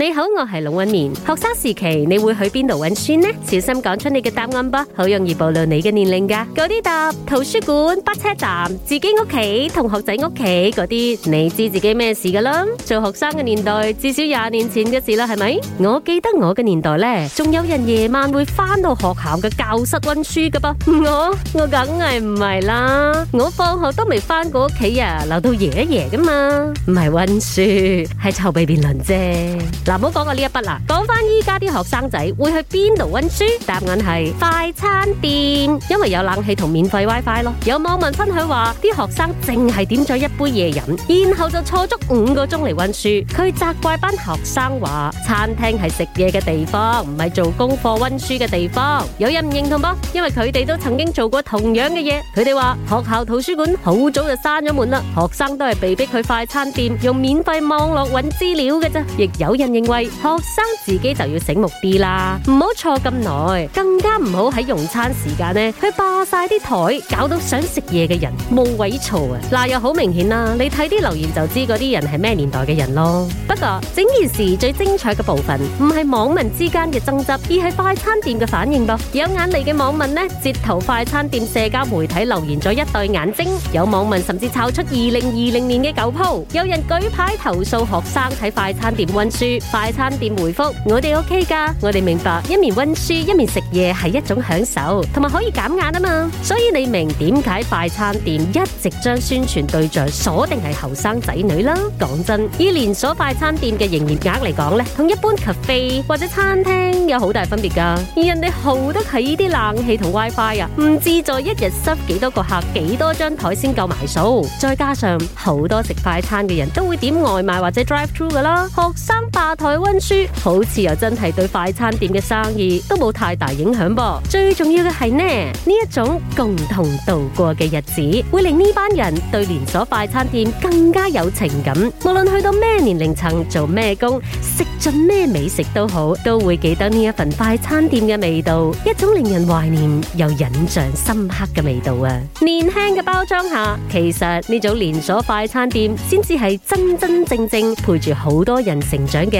你好，我係龍紋敏。學生時期你會去邊度溫書呢？小心講出你嘅答案啵，好容易暴露你嘅年齡噶。嗰啲答：圖書館、北車站、自己屋企、同學仔屋企嗰啲，你知自己咩事噶啦？做學生嘅年代，至少廿年前嘅事啦，係咪？我記得我嘅年代咧，仲有人夜晚會翻到學校嘅教室溫書噶啵？我我梗係唔係啦，我放學都未翻過屋企啊，留到夜一夜噶嘛。唔係溫書，係籌備辯論啫。嗱，唔好講過呢一筆啦，講翻依家啲學生仔會去邊度溫書？答案係快餐店，因為有冷氣同免費 WiFi 咯。有網民分享話，啲學生淨係點咗一杯嘢飲，然後就坐足五個鐘嚟溫書。佢責怪班學生話，餐廳係食嘢嘅地方，唔係做功課溫書嘅地方。有人唔認同噃，因為佢哋都曾經做過同樣嘅嘢。佢哋話學校圖書館好早就閂咗門啦，學生都係被逼去快餐店用免費網絡揾資料嘅啫。亦有人認。認為學生自己就要醒目啲啦，唔好坐咁耐，更加唔好喺用餐時間呢去霸晒啲台，搞到想食嘢嘅人冇位嘈啊！嗱，又好明顯啦，你睇啲留言就知嗰啲人係咩年代嘅人咯。不過整件事最精彩嘅部分唔係網民之間嘅爭執，而係快餐店嘅反應噃。有眼利嘅網民呢，截圖快餐店社交媒體留言咗一對眼睛，有網民甚至炒出二零二零年嘅舊鋪，有人舉牌投訴學生喺快餐店溫書。快餐店回覆：我哋 O K 噶，我哋明白一面溫書一面食嘢係一種享受，同埋可以減壓啊嘛。所以你明點解快餐店一直將宣傳對象鎖定係後生仔女啦？講真，以連鎖快餐店嘅營業額嚟講咧，同一般咖啡或者餐廳有好大分別噶。而人哋耗得起呢啲冷氣同 WiFi 啊，唔自在一日塞幾多個客，幾多張台先夠埋數。再加上好多食快餐嘅人都會點外賣或者 drive thru 噶啦，學生霸台溫書好似又真係對快餐店嘅生意都冇太大影響噃。最重要嘅係呢，呢一種共同度過嘅日子，會令呢班人對連鎖快餐店更加有情感。無論去到咩年齡層做咩工，食盡咩美食都好，都會記得呢一份快餐店嘅味道，一種令人懷念又印象深刻嘅味道啊！年輕嘅包裝下，其實呢種連鎖快餐店先至係真真正正陪住好多人成長嘅。